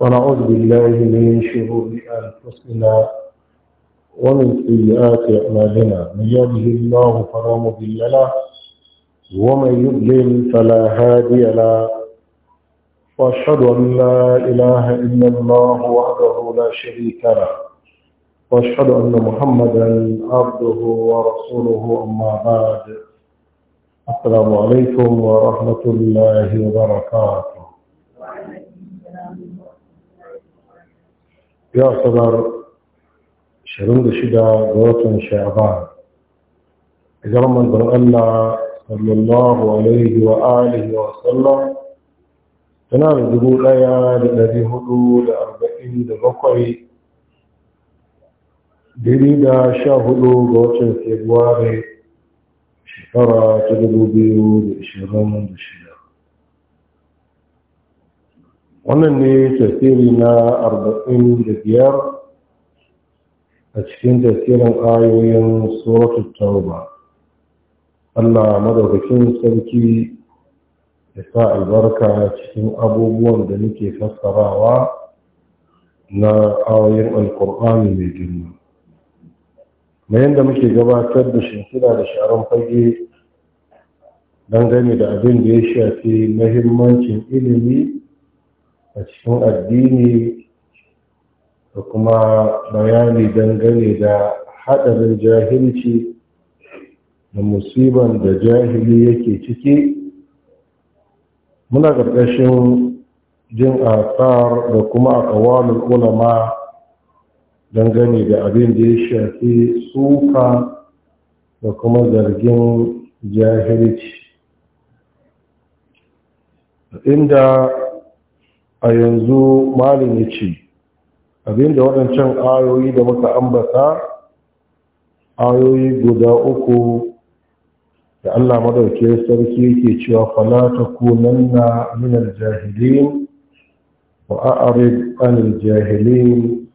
ونعوذ بالله من شرور أنفسنا ومن سيئات أعمالنا من يهده الله فلا مضل له ومن يضلل فلا هادي له وأشهد أن لا إله إلا الله وحده لا شريك له وأشهد أن محمدا عبده ورسوله أما بعد السلام عليكم ورحمة الله وبركاته yau asabar 26 ga watan a hijirar manzon Allah sallallahu alaihi wa alihi wa sallam tana da dubu ɗaya da ɗari hudu da arba'in da bakwai dari da sha hudu ga watan februari shekara ta dubu biyu da ishirin da shida wannan ne tafsiri na arba'in da biyar a cikin tafsirin ayoyin suratul tauba Allah madaukakin sarki ya sa albarka cikin abubuwan da nake fassarawa na ayoyin alkur'ani mai girma na yadda muke gabatar da shimfiɗa da sharan fage dangane da abin da ya shafi mahimmancin ilimi a cikin addini da kuma bayani dangane da haɗarin jahilci da musiban da jahili yake ciki muna ƙarƙashin jin asar da kuma a ƙawalin ulama dangane da abin da ya shafi suka da kuma zargin jahilci inda a yanzu malin ya ce abinda waɗancan ayoyi da muka ambata ayoyi guda uku da Allah madauke sarki yake cewa fala kunan na minar jahilin wa a'rid anil jahilin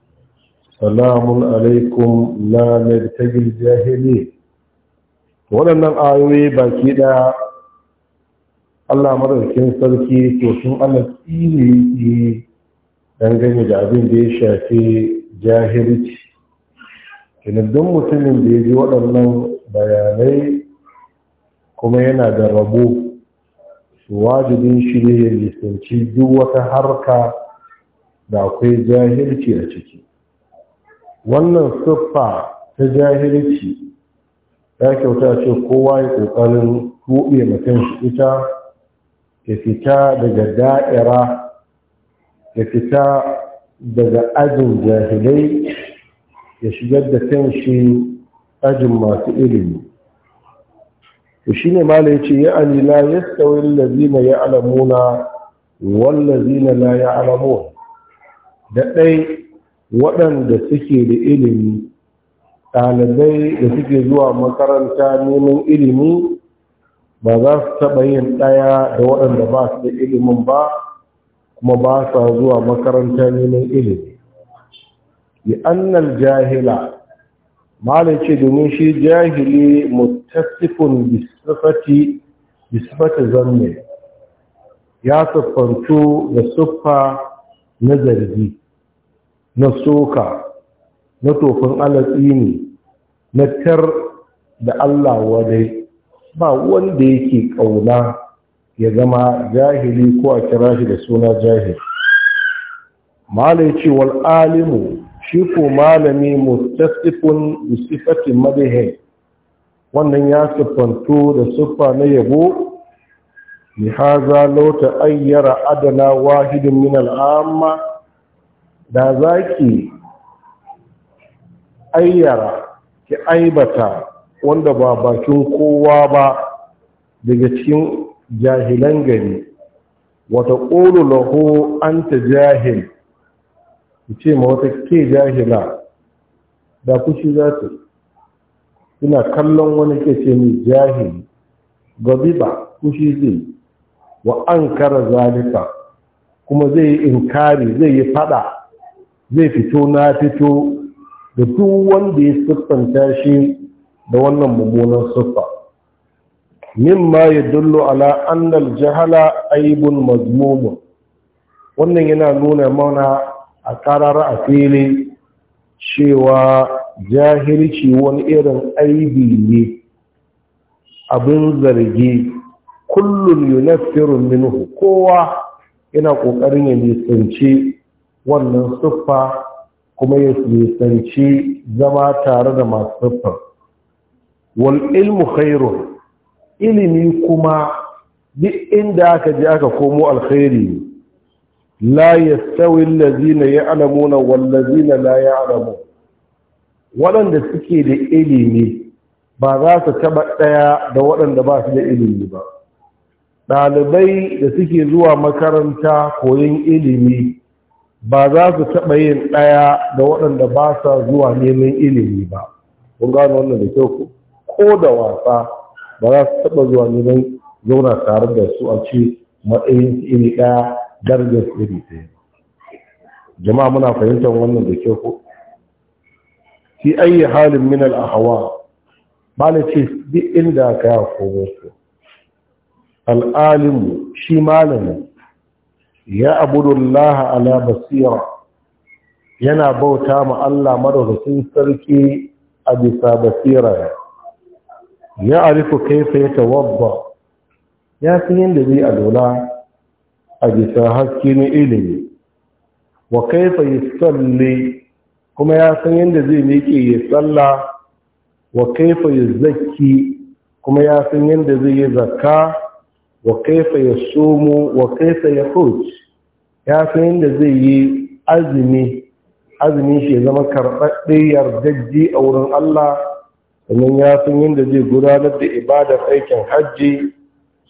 salamun alaikum ta nabtagil jahilin waɗannan ayoyi baki ɗaya Allah madaukin sarki to sun Allah tsine yi dangane da abin da ya shafi jahilci kenan mutumin da ya ji waɗannan bayanai kuma yana da rabo wajibin shi ne ya nisanci duk wata harka da akwai jahilci a ciki wannan siffa ta jahilci ya kyauta ce kowa ya ƙoƙarin tuɓe mutum shi ita Ka fita daga da'ira ka fita daga ajin jahilai ya shigar da kan shi ajin masu ilimi to shi ne ma da ya ya alila ya tsawon lazina ya alamuna ya alamun da ɗai waɗanda suke da ilimi ɗalibai da suke zuwa makaranta neman ilimi ba za su taɓa yin ɗaya da waɗanda ba su da ilimin ba kuma ba sa zuwa makaranta neman ilimi yi annal jahila malin ce domin shi jahili mutasifun bisifati zanne ya siffantu da siffa na zargi na soka na tofin alatsi ne na tar da allah wadai ba wanda yake ƙauna ya zama jahili ko a kira shi da suna jahili malai ce wal alimu shi ko malami mustasifun bi sifati madhi wannan ya siffanto da siffa na yabo li haza law ayyara adana wahidin min al'amma da zaki ayyara ki aibata wanda ba bakin kowa ba daga cikin jahilan gari wata ƙolo laho an ta jahil ce ma wata ke jahila da kushi za ta ina kallon wani ke ce ni jahil gabi ba kushi zai wa an kara zalika kuma zai yi inkari zai yi fada zai fito na fito da duk wanda ya siffanta shi da wannan mummunan siffa mimma ya ala anna al-jahala aibun mazmumu wannan yana nuna mana a karara a fili cewa jahilci wani irin aibi ne abin zargi kullum yunaffirun min kowa yana kokarin ya nisanci wannan siffa kuma ya nisanci zama tare da masu siffar wal ilmu khairun ilimi kuma duk inda aka ji aka komo alkhairi la yastawi allazina ya'lamuna wal la ya'lamu waɗanda suke da ilimi ba za su taba daya da waɗanda ba su da ilimi ba ɗalibai da suke zuwa makaranta koyon ilimi ba za su taɓa yin ɗaya da waɗanda ba sa zuwa neman ilimi ba. Kun gano wannan da kyau ku? ko da wasa ba za su taɓa zuwa neman zauna tare da su a ce matsayin iri ɗaya darajar iri ɗaya jama'a muna fahimtar wannan da kyau ko fi ayyi halin min al-ahwa ba na ce duk inda ka ya komo su alim shi malami ya abudullah ala basira yana bauta ma Allah madaukakin sarki a bisa basira ya arifu kaifa ya tawabba ya san yadda zai alola a bisa haske na ilimi wa kaifa ya tsalle kuma ya san yadda zai miƙe ya tsalla wa kaifa ya zaki kuma ya san yadda zai yi zakka wa kaifa ya somo wa kaifa ya hujj ya san yadda zai yi azumi azumin shi ya zama karɓaɗɗe yardajji a wurin Allah sannan ya san yadda zai gudanar da ibadar aikin hajji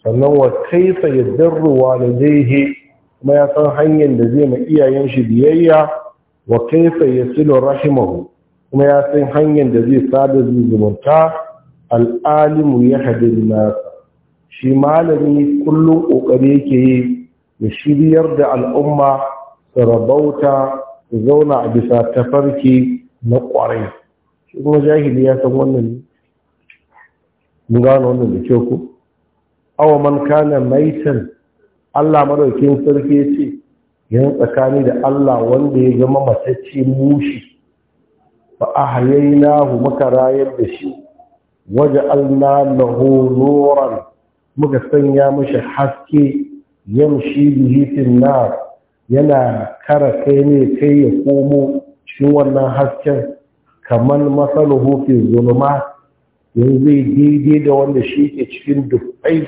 sannan wa kaifa yadarru walidaihi kuma ya san hanyar da zai ma iyayen shi biyayya wa kaifa yasilu rahimahu kuma ya san hanyar da zai sada zumunta al'alimu ya hadin nasa shi malami kullum ƙoƙari yake yi ya shiryar da al'umma su rabauta su zauna a bisa tafarki na ƙwarai shi kuma jahili ya san wannan mun gano wannan da kyau ko awa man kana maitan Allah madaukin sarki ya ce yan tsakani da Allah wanda ya zama matacce mushi fa ahyaynahu hu da shi waje alna lahu nuran muka sanya mashi haske yamshi bihi fil nar yana kara kai ne kai ya komo cikin wannan hasken kamar masaluhu fi zulma yanzu daidai da wanda shi ke cikin dufai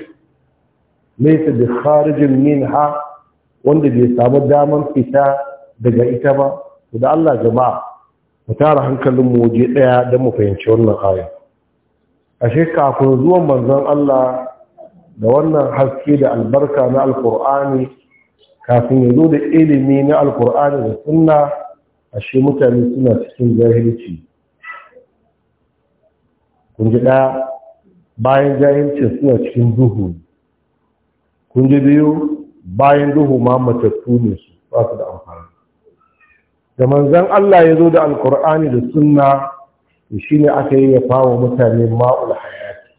nesa da kharijin Ha, wanda bai samu daman fita daga ita ba da Allah jama'a mu tara hankalin mu waje daya don mu fahimci wannan aya ashe kafin zuwan manzon Allah da wannan haske da albarka na alkur'ani kafin ya da ilimi na alkur'ani da sunna ashe mutane suna cikin jahilci kun ji ɗaya bayan jahilcin suna cikin duhu kun ji biyu bayan duhu ma matattu ne su ba su da amfani da manzan Allah ya zo da alkur'ani da sunna shi ne aka yi ya fawo mutane ma'ul hayati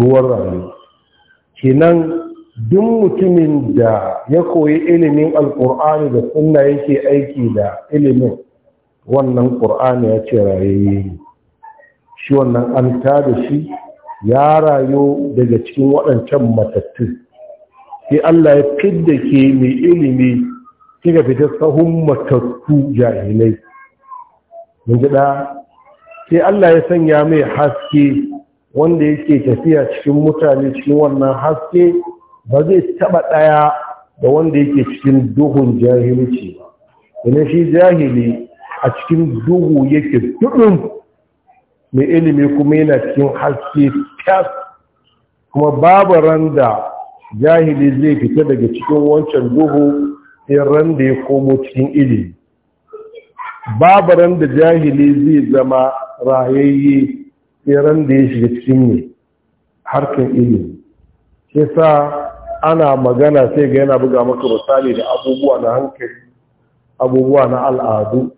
ruwan rami. kenan duk mutumin da ya koyi ilimin alkur'ani da sunna yake aiki da ilimin wannan ƙur'ani ya ce rayayye ne shi wannan an da shi ya rayu daga cikin waɗancan matattu sai Allah ya fidda ke mai ilimi kika fita sahun matattu jahilai mun ji sai Allah ya sanya mai haske wanda yake tafiya cikin mutane cikin wannan haske ba zai taɓa ɗaya da wanda yake cikin duhun jahilci ba. Ina shi jahili a cikin duhu yake duɗin mai ilimi kuma yana cikin haske tas kuma babu ran da jahili zai fita daga cikin wancan duhu in da ya komo cikin ilimi babu ran da jahili zai zama rayayye in da ya shiga cikin ne harkar ilimi shi sa ana magana sai ga yana buga maka misali da abubuwa na hankali abubuwa na al'adu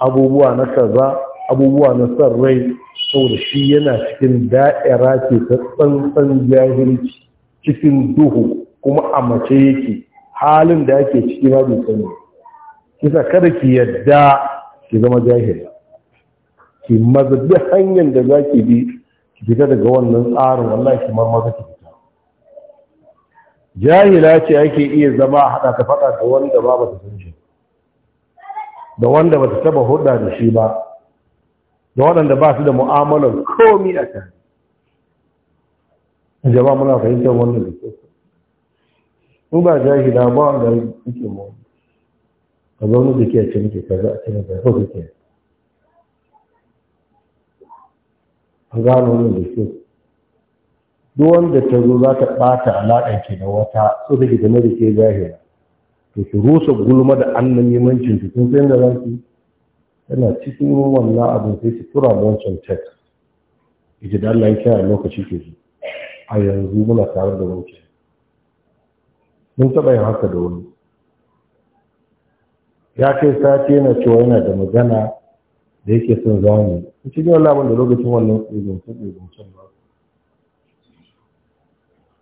abubuwa na kaza abubuwa na san rai saboda shi yana cikin da'ira ce ta tsantsan jahilci cikin duhu kuma a mace yake halin da ake ciki ma bai sani kisa kada ki yadda ki zama jahila ki maza hanyar da za ki bi ki fita daga wannan tsarin wallahi ki maza ki fita jahila ce ake iya zama a haɗa ta faɗa da wanda ba ba ta san da wanda ba ta taba hulɗa da shi ba da waɗanda ba su da mu'amalar komi a can jama muna fahimtar wannan da ke in ba da ba wanda suke mu ka zaune da ke cin ke kaza a cikin kaza su ke an gano wannan da ke duk wanda ta zo za ta ɓata alaƙar ke da wata so take game da ke jahila to su rusa gulma da annan yamancin ki sun sai da za yana cikin wannan abin sai su tura da wancan tek ita da Allah ya a lokaci ke ji a yanzu muna tare da wancan mun taɓa yin haka da wani ya kai sati yana cewa yana da magana da yake son zamu in ci gaba labar da lokacin wannan tsoron tsoron can ba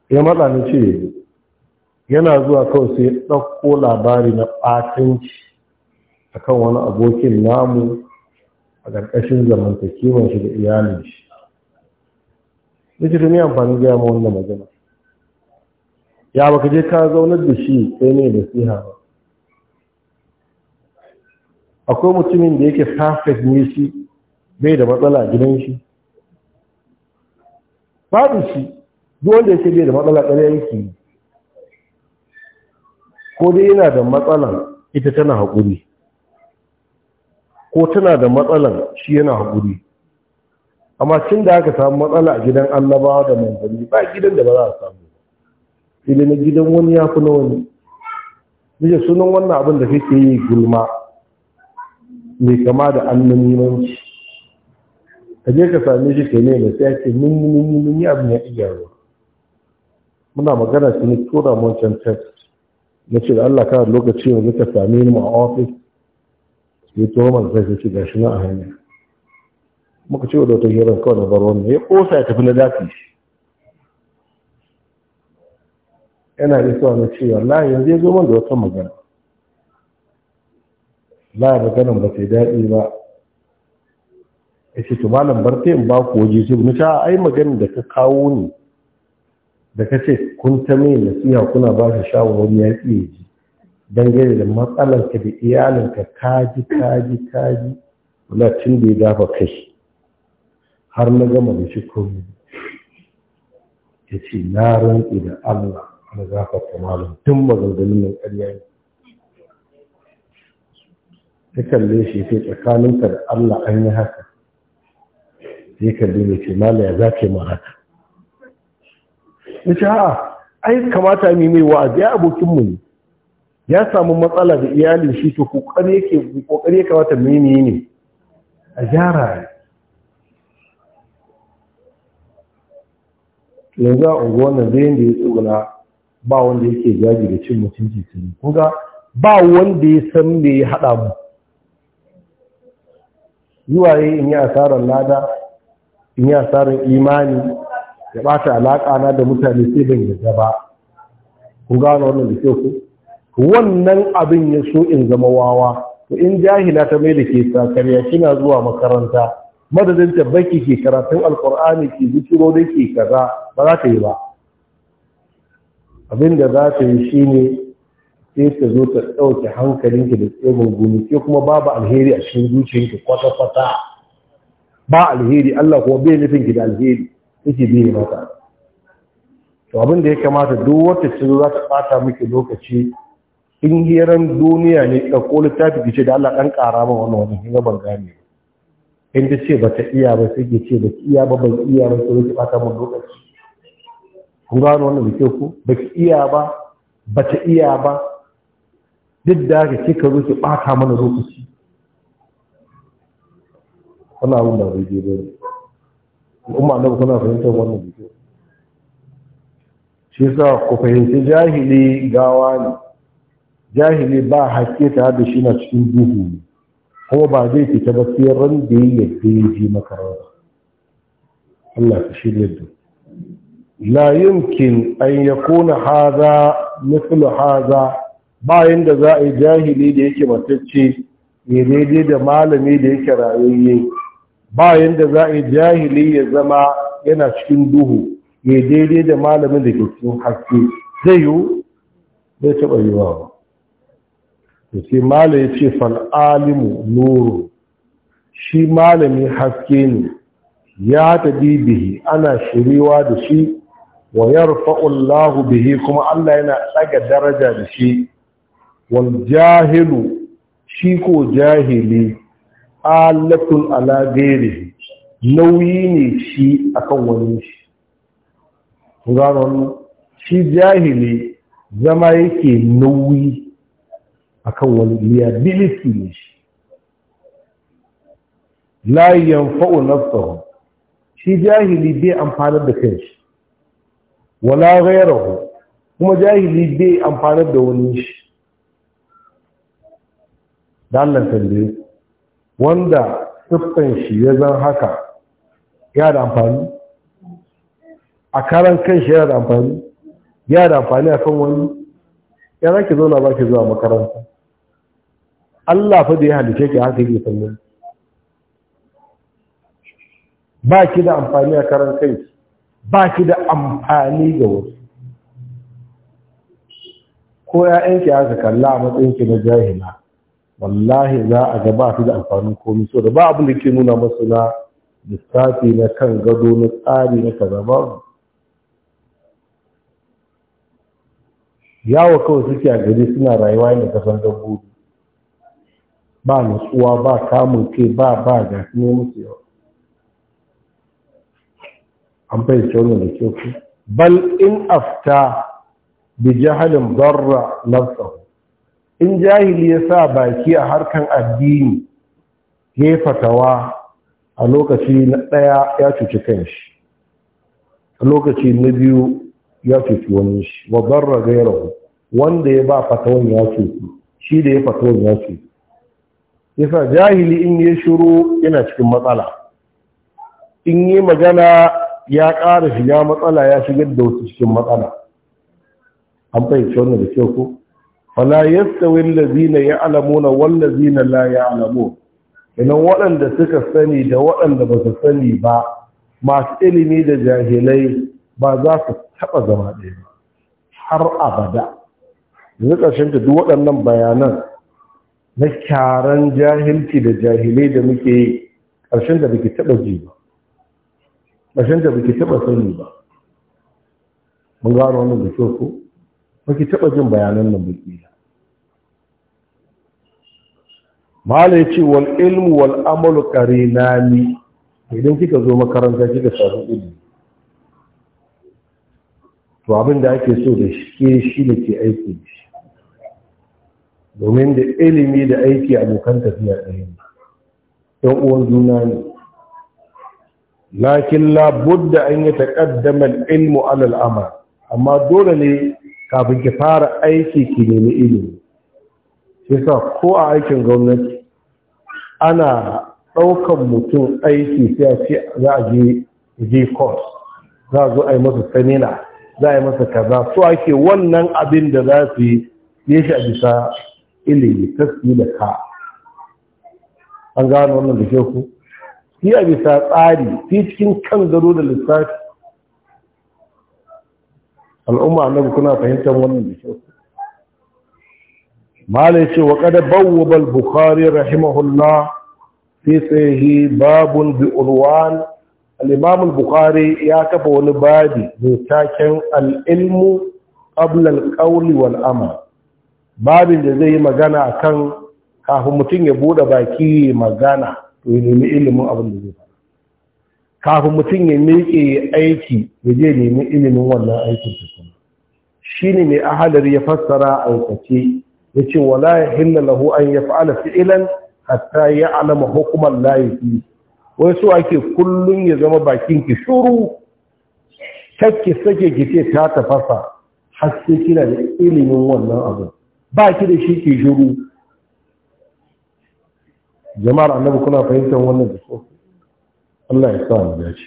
ya matsa ni ce yana zuwa kawai sai ɗauko labari na ɓatanci akan wani abokin namu a ƙarƙashin zamantakewar shi da iyalin shi nake da amfani gaya ma wannan magana ya baka je ka zaunar da shi sai ne da siha ba akwai mutumin da yake perfect ne shi bai da matsala gidan shi babu shi duwanda wanda yake bai da matsala ƙarya yake ko dai yana da matsala ita tana haƙuri ko tana da matsalan shi yana haƙuri amma cin da aka samu matsala a gidan annabawa da manzanni ba gidan da ba za a samu ba. na gidan wani ya fi na wani nije sunan wannan abin da kake yi gulma mai kama da annanimanci ka je ka same shi ka nema sai ake mun mun mun yi abin ya iya ruwa muna magana shi ne tura mun can text na ce da Allah kana lokaci yanzu ka same mu a office ya kira zai sai ce gashi na a hanyar muka ce da wata hirar kawai na bar wannan ya kosa ya tafi na dafi yana da isuwa na cewa layi yanzu ya zo man da wata magana layi magana ba sai daɗi ba ya ce to malam bar ta yin ba ku waje su mu ta ai maganin da ka kawo ni da ka ce kun ta mai nasiha kuna ba shi shawarwari ya tsiye ji dangane da matsalarka da iyalinka kaji kaji kaji wala tun da ya dafa kai har na gama da shi komi ya ce na rantsi da Allah na gafarta malam tun maganganun nan ƙarya ne ta kalle shi sai tsakaninka da Allah an yi haka kai kalle mai ce mala ya za ka yi ma haka ya ce a'a ai kamata mu mai wa'azi ya abokinmu ne ya samu matsala da iyalin shi to kokari yake kokari yake wata menene a gyara yanzu a unguwar nan zai da ya tsogala ba wanda yake gaji da cin mutunci su ne kun ba wanda ya san me ya haɗa mu yiwaye in yi asarar lada in yi asarar imani ya ɓata alaƙa na da mutane sai ban yarda ba kun gano wannan da ke ku wannan abin ya so in zama wawa to in jahila ta mai da ke sakarya kina zuwa makaranta madadin tabbaki ke karatun alkur'ani ke zikiro da ke kaza ba za ta yi ba abin da za ta yi shi ne sai ta zo ta ɗauke hankalinki da tsegun gumi ke kuma babu alheri a cikin zuciyarki kwata-kwata ba alheri Allah kuma bai nufin ki da alheri yake biye mata to abin da ya kamata duk wata ce za ta ɓata miki lokaci in hiran duniya ne ɗauko littafi ki ce da Allah dan ƙara ma wannan wajen kin ban gane ba in ta ce bata iya ba sai ke ce baki iya ba ban iya ba sai ki fata mun lokaci kun gano wannan da ke ku baki iya ba bata iya ba duk da ka kika ka ki fata mana lokaci wannan abin da bai je ba al'umma da kuna fahimtar wannan da ke shi yasa ku fahimci jahili gawa ne jahili ba haske ta da shi na cikin duhu ne kuma ba zai fita ba sai ran da ya yadda ya ji maka Allah ka shirya da la yumkin an yakuna haza mithlu haza bayan da za a yi jahili da yake matacce ne daidai da malami da yake rayayye bayan da za a yi jahili ya zama yana cikin duhu ne daidai da malamin da ke cikin haske zai yiwu zai taɓa yiwa ba to sai mala ya ce fal'alimu nuru shi malami haske ne ya taɗi bihi ana shiriwa da shi wa yarfa'ullahu bihi kuma Allah yana tsaga daraja da shi wal jahilu shi ko jahili alatun ala nauyi ne shi akan wani shi shi jahili zama yake nauyi akan wani liability ne shi la yanfa'u nafsahu shi jahili bai amfanar da kanshi wala ghayrahu kuma jahili bai amfanar da wani shi da Allah tambaye wanda siffan shi ya zan haka ya da amfani a karan kanshi ya da amfani ya da amfani akan wani ya zaki zauna ba ki zuwa makaranta Allah fa da ya halice ki haka yake sannan ba ki da amfani a karan kai ba ki da amfani ga wasu ko ‘ya'yanki aka kalla a matsayin ki na jahila wallahi za a ga ba su da amfani komai, so da ba abin da ke nuna masu na lissafi na kan gado na tsari na kaza ba yawo kawai suke a gari suna rayuwa yadda kasan dabbobi ba nutsuwa ba kamun kai ba ba ga ne musu yawa an fahimci wannan da ke ku bal in afta bi jahalin barra nafsahu in jahili ya sa baki a harkan addini ya yi fatawa a lokaci na ɗaya ya cuci kanshi a lokaci na biyu ya cuci wani shi wa barra gairahu wanda ya ba fatawan ya cuci shi da ya fatawan ya cuci yasa jahili in ya shiru yana cikin matsala in yi magana ya ƙara shiga matsala ya shigar da wasu cikin matsala an fahimci wannan da kyau ko fala yastawi na ya'lamuna na la alamu? Ina waɗanda suka sani da waɗanda ba su sani ba masu ilimi da jahilai ba za su taɓa zama ɗaya har abada yanzu ƙarshen duk waɗannan bayanan na kyaran jahilci da jahilai da muke yi ƙarshen da baki taɓa ji ba ƙarshen da baki taɓa sani ba mun gano wannan da kyau ko baki taɓa jin bayanan nan baki da mala ya ce wal ilmu wal amalu qarinani idan kika zo makaranta kika samu ilmi to abin da ake so da shi shi ne ke aiki da shi domin da ilimi da aiki a abokan tafiya ɗaya ne ɗan uwan juna ne lakin labudda an yi taƙaddamar ilmu alal amal amma dole ne kafin ki fara aiki ki nemi ilimi shi sa ko a aikin gwamnati ana ɗaukan mutum aiki sai a ce za a je je course za a zo a yi masa samina za a yi masa kaza so ake wannan abin da za su yi shi a bisa ilimi su da ka an gano wannan da ku yi a bisa tsari fi cikin kan gado da lissafi al'umma annabi kuna fahimtar wannan da ku mala ce wa kada bawwaba al-bukhari rahimahullah fi sahihi babun bi urwan الإمام البخاري يعتبر bukhari ya kafa wani قبل القول والأمر babin da zai yi magana a kan kafin mutum ya buɗe baki magana to ya nemi ilimin abin da zai fara kafin mutum ya miƙe aiki ya je nemi ilimin wannan aikin tukun shi ne mai ahalar ya fassara a yankace ya ce wala ya hinna lahu an ya fa'ala fi'ilan hatta ya alama hukumar layi fi wai so ake kullum ya zama bakin ki shuru kakki sake ki ce ta tafasa har sai kina da ilimin wannan abin ba ki da shi ke shiru jama'ar annabi kuna fahimtar wannan da so Allah ya sa mu dace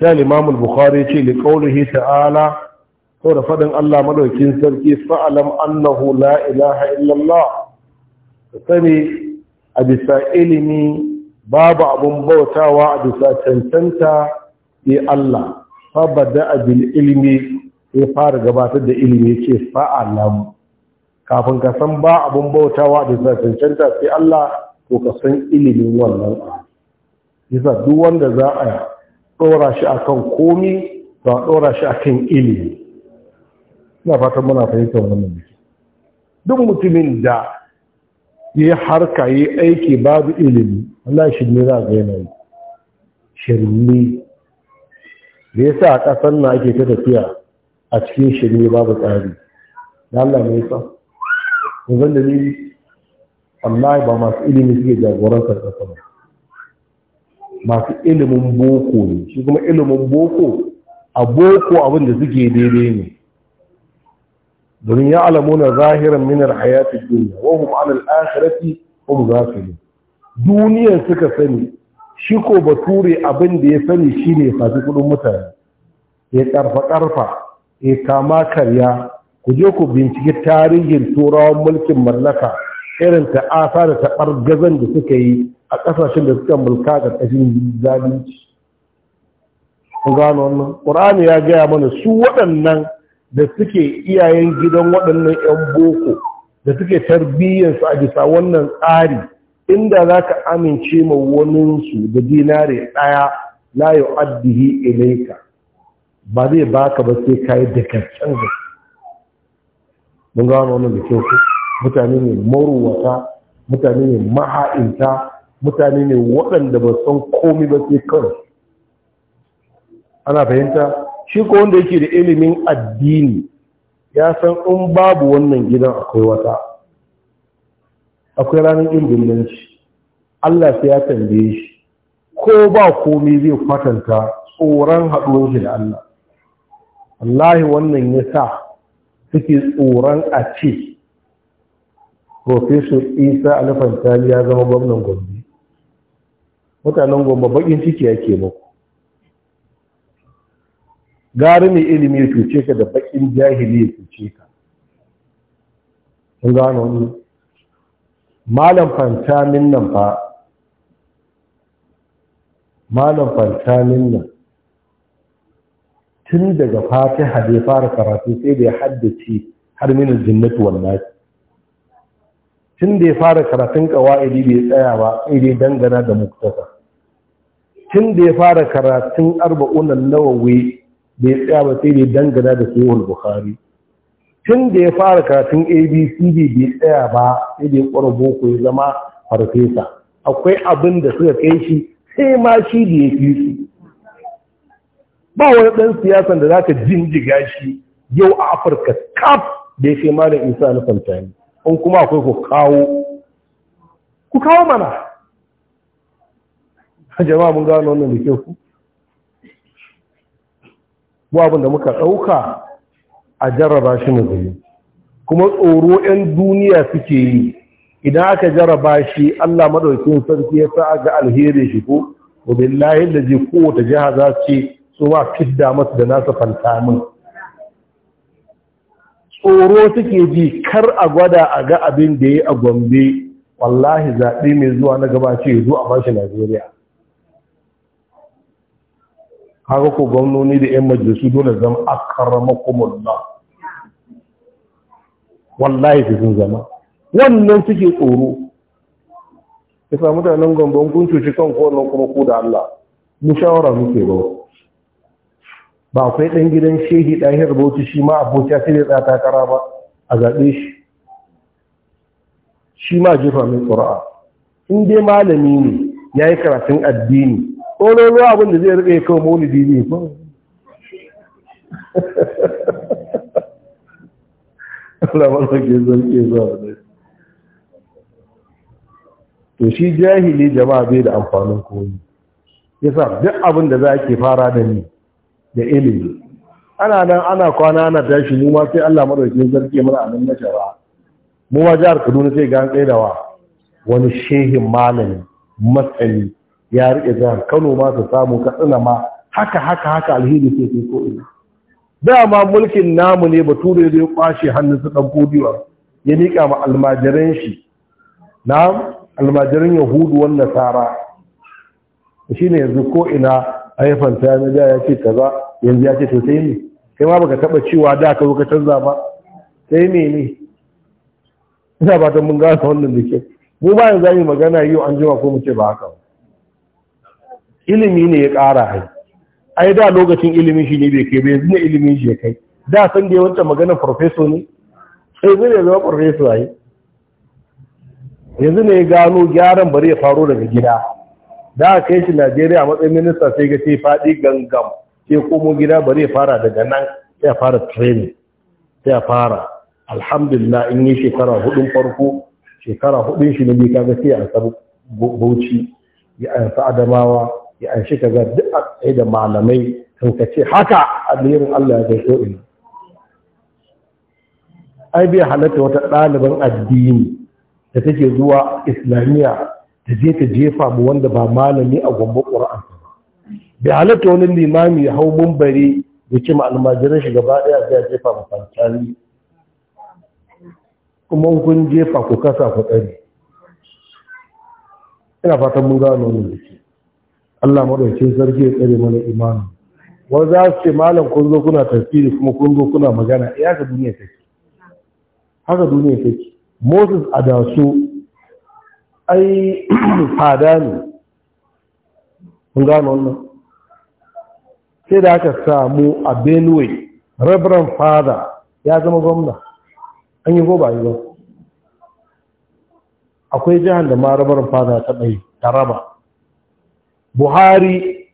sai imam bukhari ce li qawlihi ta'ala ko da fadin Allah madaukin sarki fa'alam annahu la ilaha illa Allah sani a bisa ilimi babu abun bautawa a bisa cancanta sai Allah fa bada bil ilmi sai fara gabatar da ilimi ce fa'alamu kafin ka san ba abun bautawa da sa cancanta sai Allah ko ka san ilimin wannan yasa duk wanda za a ɗora shi akan komi to a ɗora shi akan ilimi ina fatan muna fahimtar wannan duk mutumin da ya harka yayi aiki babu ilimi Allah ne za ga yanayi shirme Me ya sa a ƙasar na ake ta tafiya a cikin shirye babu tsari da Allah ne sa yanzu da ni ba masu ilimi suke jagorantar ƙasa ba masu ilimin boko ne shi kuma ilimin boko a boko abin suke daidai ne domin ya alamuna zahiran minar hayatun duniya wahum alal akhirati hum ghafilun duniyar suka sani shi ko bature abin da ya sani shine fasu kudin mutane ya karfa karfa e kama karya ku je ku binciki tarihin turawan mulkin mallaka irin ta'asa da taɓar gazan da suka yi a ƙasashen da suka mulka ga ƙashin zalunci ku gano wannan ƙur'ani ya gaya mana su waɗannan da suke iyayen gidan waɗannan 'yan boko da suke tarbiyyarsu a bisa wannan tsari inda za ka amince ma waninsu da dinare ɗaya la yu'addihi ilaika ba zai ba ka ba sai ka yi dakaccen ba. mun gano wannan da kyau mutane ne maruwata mutane ne maha'inta mutane ne waɗanda ba san komi ba sai kawai ana fahimta shi ko wanda yake da ilimin addini ya san in babu wannan gidan akwai wata akwai ranar ɗin Allah sai ya tambaye shi ko ba komi zai kwatanta tsoron haɗuwar shi da Allah wallahi wannan ya sa suke tsoron a ce profesor isa alifantali ya zama gwamnan gombe mutanen gombe bakin ciki yake muku gari mai ilimi ya cuce ka da bakin jahili ya cuce ka sun gano ni malam fantamin nan fa malam fantamin nan tun daga fatiha da ya fara karatu sai da ya haddace har mini jinnatu wallahi tun da ya fara karatun kawa'idi bai tsaya ba sai dangana da muktasa tun da ya fara karatun arba'unan nawawi bai tsaya ba sai dai dangana da sahihul bukhari tun da ya fara karatun abcd bai tsaya ba sai dai kwaro boko ya zama farfesa akwai abin da suka kai shi sai ma shi da ya fi su ba wani ɗan siyasan da za ka jinjiga shi yau a afirka kaf da ya kai malam isa na fantani an kuma akwai ku kawo ku kawo mana jama'a mun gano wannan da ke ku mu abin da muka ɗauka a jarraba shi zai kuma tsoro 'yan duniya suke yi idan aka jarraba shi allah maɗaukin sarki ya sa ga alheri shi ko wabillahi da ji kowata jiha za ce su ma fidda masu da nasu fantamin tsoro suke ji kar a gwada a ga abin da ya yi a gombe wallahi zaɓe mai zuwa na gaba ce zuwa a bashi najeriya haka ko gwamnoni da 'yan majalisu dole zama na. wallahi su sun zama wannan suke tsoro ya samu mutanen gombe kun cuci kan kowannan kuma ku da allah mu shawara muke ba ba akwai ɗan gidan shehi ɗahir bauchi shi ma abokiya sai da tsaya takara ba a zaɓe shi shi ma jefa mai ƙura'a in dai malami ne ya yi karatun addini ƙololo abin da zai riƙe kawo maulidi ne ba Allah ba ke zan ke to shi jahili jama'a bai da amfanin koyi yasa duk abin da za ke fara da ni da ilimi ana nan ana kwana ana tashi mu ma sai Allah madauki sarki mana anan na shara mu ma jihar Kaduna sai ga tsaye da wa wani shehin malami matsayi. ya rike jihar Kano ma su samu katsina ma haka haka haka alheri sai sai ko ina dama mulkin namu ne bature zai kwashe hannun su dan kodiwa ya nika ma almajiran shi na almajiran yahudu wannan Sara. shine yanzu ko ina aifanta na da yake kaza yanzu ya ce to sai ne kai ma baka taba cewa da ka zo ka canza ba sai ne ne ina ta mun gasa wannan da ke mu ba yanzu zamu magana yau an jima ko mu ce ba haka ba. ilimi ne ya ƙara ai ai da lokacin ilimin shi ne bai kai ba yanzu ne ilimin shi ya kai da san da yawanta magana farfeso ne sai zai ne zama farfeso ai yanzu ne ya gano gyaran bari ya faro daga gida da aka kai shi Najeriya matsayin minista sai ga sai faɗi gangam sai komo gida bari ya fara daga nan ya fara training sai ya fara alhamdulillah in yi shekara hudun farko shekara hudun shi na biyu kaga sai ya ansa bauchi ya ansa adamawa ya anshi kaga duk a tsaye da malamai sun ka ce haka alherin Allah ya so ina ai bai halatta wata ɗaliban addini da take zuwa islamiyya da je ta jefa mu wanda ba malami a gombe ƙura'an bai halatta wani limami ya hau mumbari da ce almajiran shi gaba daya zai jefa mu fantari kuma kun jefa ku kasa ku tsari ina fatan mun gano ne da ke Allah madaukin sarki ya tsare mana imanu wani za su ce malam kun zo kuna tafsiri kuma kun zo kuna magana ya eh, ka duniya take haka duniya take Moses a da su ai fada ne kun gano wannan sai da aka samu a benue reverend father ya zama gwamna an yi goba yi akwai jihar da ma reverend father ta ɗai taraba buhari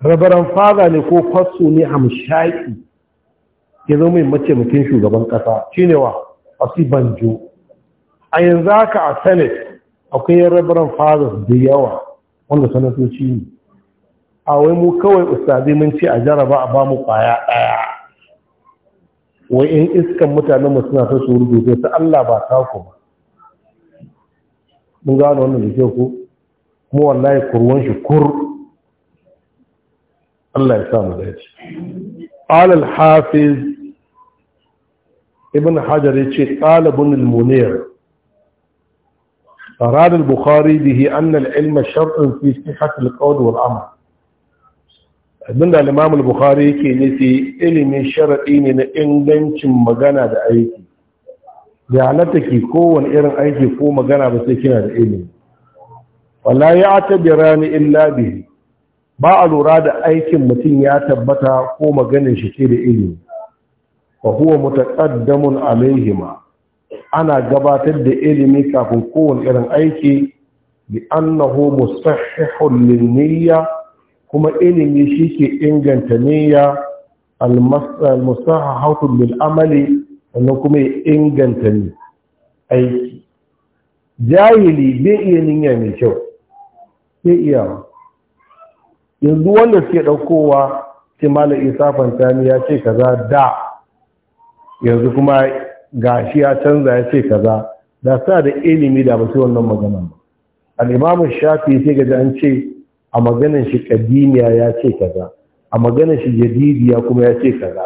reverend father ne ko faso ne hamshaki ya zama mai makin shugaban ƙasa shine wa banjo a yanzu haka a senate akwai reverend father da yawa wanda sanatoci ne a wai mu kawai ustazi mun ce a jaraba a bamu kwaya daya wai in iskan mutane mu suna ta su rubu ta Allah ba ta ku ba mun gano wannan da ke ku Mu wallahi kurwan shi kur Allah ya samu dace qala al-hafiz ibn hajar yace qala ibn al-munir أراد البخاري به أن العلم شرط في صحة القول والعمل abinda da imam bukhari yake nufi ilimin sharaɗi ne na ingancin magana da aiki da halatta ke kowane irin aiki ko magana ba sai kina da ilimi wala ya tabirani illa bihi ba a lura da aikin mutum ya tabbata ko maganin shi ke da ilimi wa huwa mutaqaddamun alaihima ana gabatar da ilimi kafin kowane irin aiki bi annahu mustahihun lin niyya kuma ilimi shi ke inganta niyya al-mustahahatun bil amali wannan kuma ya inganta ni aiki jahili bai iya niyya mai kyau sai iya yanzu wanda suke ɗaukowa ce mala isa fantani ya ce kaza da yanzu kuma gashi ya canza ya ce kaza da sa da ilimi da ba wannan magana ba al'imamun shafi sai gaji an ce a maganar shi kadimiya ya ce kaza a maganar shi jadidiya kuma ya ce kaza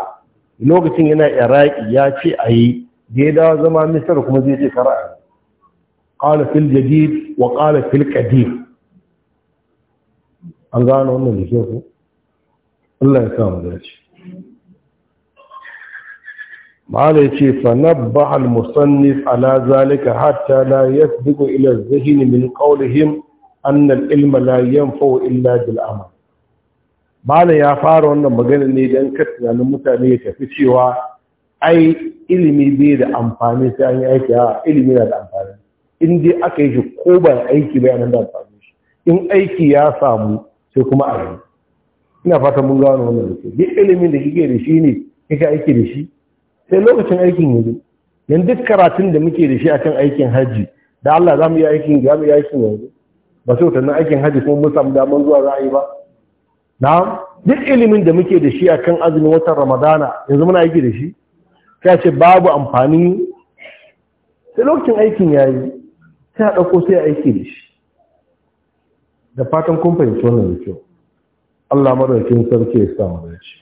lokacin yana iraki ya ce a yi da ya dawa zama misar kuma zai ce kara ƙala fil jadid wa ƙala fil kadim an gano wannan da ke ku Allah ya samu shi ma'ala ya ce fanabba al-musannif ala zalika hatta la yasbiqu ila az-zihni min qawlihim annal ilma la yanfa illa bil amal bala ya fara wannan magana ne dan ka tunanin mutane ya tafi cewa ai ilimi bai da amfani sai an yi aiki a ilimi na da amfani in dai aka yi shi ko ban aiki ba nan da amfani shi in aiki ya samu sai kuma a yi ina fata mun gano wannan da duk ilimin da kike da shi ne kika aiki da shi sai lokacin aikin yanzu yanzu duk karatun da muke da shi akan aikin hajji da Allah za mu yi aikin za mu yi aikin yanzu ba sai wutannin aikin hajji kuma mun samu daman zuwa ra'ayi ba na duk ilimin da muke da shi akan azumin watan ramadana yanzu muna aiki da shi sai ce babu amfani sai lokacin aikin ya yi sai a ɗauko sai aiki da shi da fatan kun fahimci wannan da kyau Allah madaukin sarki ya sa mu dace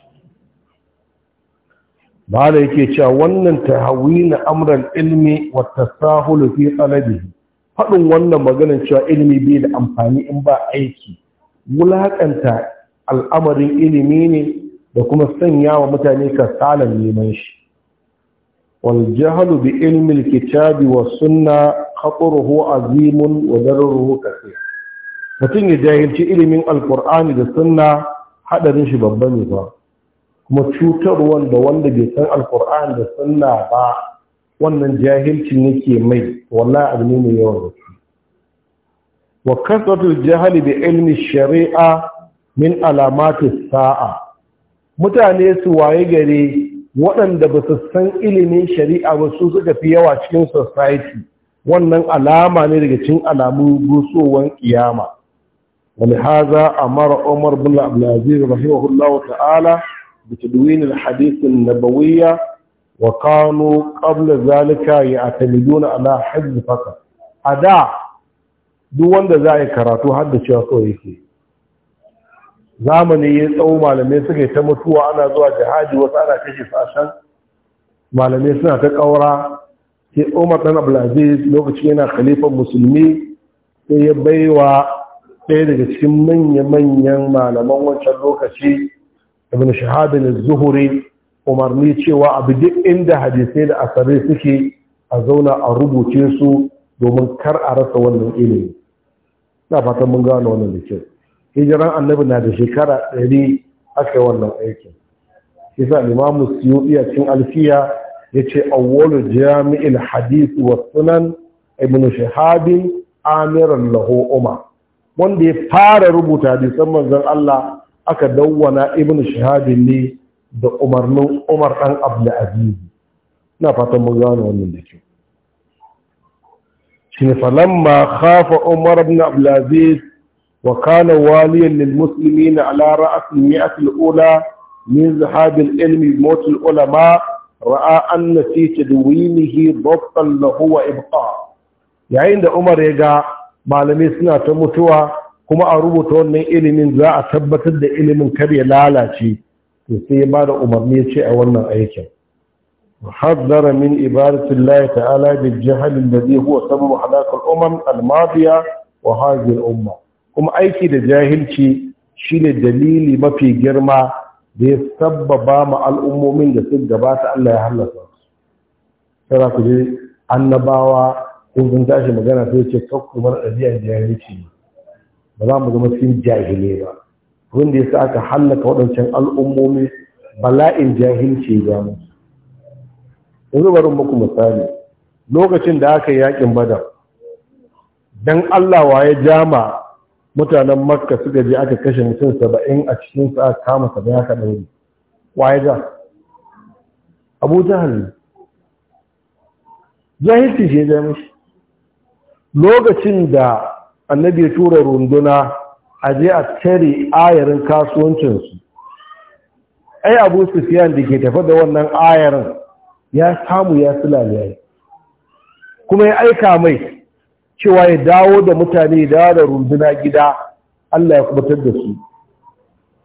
ba da yake cewa wannan na amran ilmi wa tasahul fi talabihi faɗin wannan maganar cewa ilimi bai da amfani in ba aiki wulaƙanta al'amarin ilimi ne da kuma sanya wa mutane kasalan neman shi Waljahalu bi ilmi alkitabi wa sunna khataruhu azimun wa dararuhu kaseer mutum ya jahilci ilimin alqur'ani da sunna hadarin shi babba ne ba kuma cutarwar da wanda bai san alqur'ani da sunna ba wannan jahilcin nake mai wallahi abu ne yawan rasu. wa kasatu jahali bi ilmi shari'a min alamatu sa'a mutane su waye gare waɗanda ba su san ilimin shari'a ba su suka fi yawa cikin society wannan alama ne daga cikin alamun rusowar kiyama wani haza amara umar bin abdulaziz rahimahullahu ta'ala bi tadwin al an-nabawiyya Wakano, kanu qabla zalika ya'tamiduna ala hajji faka a da duk wanda za a yi karatu har da cewa kawai yake zamani ya tsawo malamai suka yi ta mutuwa ana zuwa jihadi wasu ana kashe sashen malamai suna ta ƙaura sai umar ɗan abdulaziz lokacin yana khalifan musulmi sai ya baiwa ɗaya daga cikin manya-manyan malaman wancan lokaci ibn shahabin zuhuri umarni cewa abu duk inda hadisai da asarai suke a zauna a rubuce su domin kar a rasa wannan ilimi na fatan mun gano wannan da kyau hijiran annabi na da shekara ɗari aka yi wannan aikin isa limamu siyo a cin alfiya ya ce awwalu jami'il hadisi wa sunan ibn shahabin amiran laho umar wanda ya fara rubuta hadisan manzon Allah aka dawwana ibn shahabin ne da umarnin umar ɗan abdulaziz na fatan mun gano wannan da ke. shi ne falamma kafa umar ibn abdulaziz wa kanan waliyan lil muslimin ala ra'as mi'at al-ula min zahab al-ilm bi mawt al-ulama ra'a na fi tadwinihi dhabtan yayin da umar ya ga malamai suna ta mutuwa kuma a rubuta wannan ilimin za a tabbatar da ilimin kar ya lalace to sai ya bada umarni ya ce a wannan aikin haddara min ibadatin lahi ta'ala da jihalin da zai huwa sabu halakar umar almadiya wa hajjiyar umma kuma aiki da jahilci shine dalili mafi girma da ya sabbaba ma al'ummomin da sun gabata Allah ya hallasa su. ku je annabawa in sun tashi magana sai ce kakkumar ɗabi'ar jahilci ba za mu zama cikin jahilai ba. wanda ya sa aka hallaka waɗancan al'ummomi bala'in jahilci ya mu yanzu bari muku misali lokacin da aka yi yakin badar dan Allah wa ya jama mutanen makka suka je aka kashe mutum saba'in a cikin sa kama saba'in aka ɗauri wa ya ja abu jahal jahilci shi ya ja lokacin da annabi ya tura runduna a je a tare ayarin kasuwancinsu ai abu sufiyan da ke tafi da wannan ayarin ya samu ya sulale kuma ya aika mai cewa ya dawo da mutane da da runduna gida Allah ya kubutar da su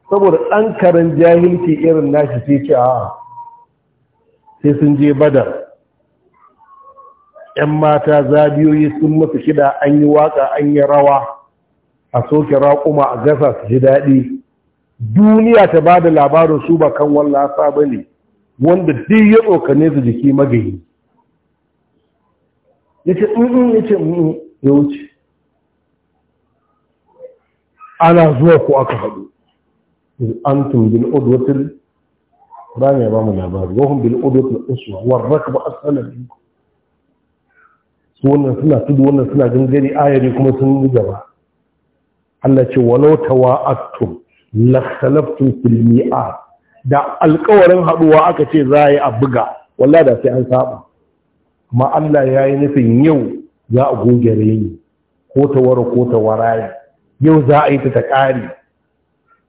saboda ɗan karen jahilci irin nashi sai ce a sai sun je badar ‘yan mata zabiyoyi sun masu shida an yi waka an yi rawa a soke raƙuma a gasa su ji daɗi duniya ta ba da labarin su ba kan wallasa ba ne wanda duk ya tsokane su jiki magayi ya ce ɗin mm, mm, ya ce mm, ya wuce ana zuwa ko aka haɗu an tun bil odotin, ba ne ba mu labari bin bil udwatul uswa ka ba asalan ɗinku su wannan suna tudu wannan suna gangare ayari kuma sun gaba Allah ce walau tawa'attum lakhtalaftum fil mi'ad da alƙawarin haduwa aka ce za a yi a buga wallahi da sai an saba amma Allah ya yi nufin yau za a goge reni ko ta wara ko ta tawaraya yau za a yi ta ta ƙari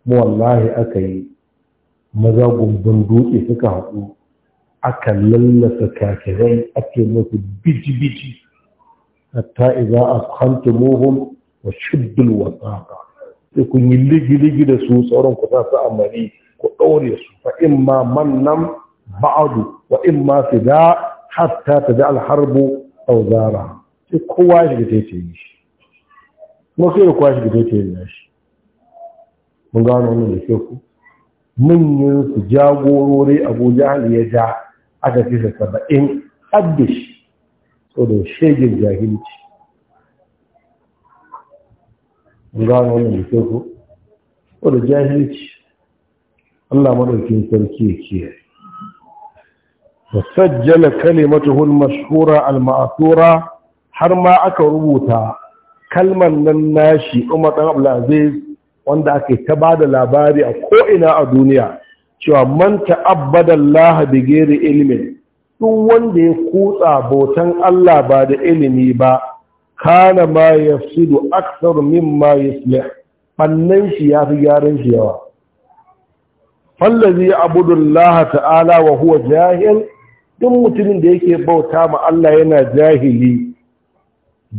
mu wallahi aka yi maza gumbin dutse suka haɗu aka lallasa kakirai ake musu biji-biji hatta iza a kanta wa shiddul wasaqa sai kun yi ligi-ligi da su tsaron ku sa su amari ku ɗaure su fa in ma mannan ba'adu wa in ma hatta ta harbu alharbu zara sai kowa shi da take yi shi mu sai kowa shi da take yi shi mun ga wannan da ke ku yi su jagorori abuja hali ya ja aka fi saba'in addish da shegin jahilci gano wannan da kyau ko wadda jahilci Allah maɗaukin sarki ya kiyaye wasajjala kalimatuhu al-mashhura al-ma'thura har ma aka rubuta kalman nan nashi Umar dan Aziz wanda aka ta bada labari a ko ina a duniya cewa man ta'abbada Allah bi ghairi ilmin duk wanda ya kutsa botan Allah ba da ilimi ba kana ma yafsidu akthar mimma yuslih bannan shi yafi gyaran shi yawa fallazi abudu ta'ala wa huwa jahil duk mutumin da yake bauta ma Allah yana jahili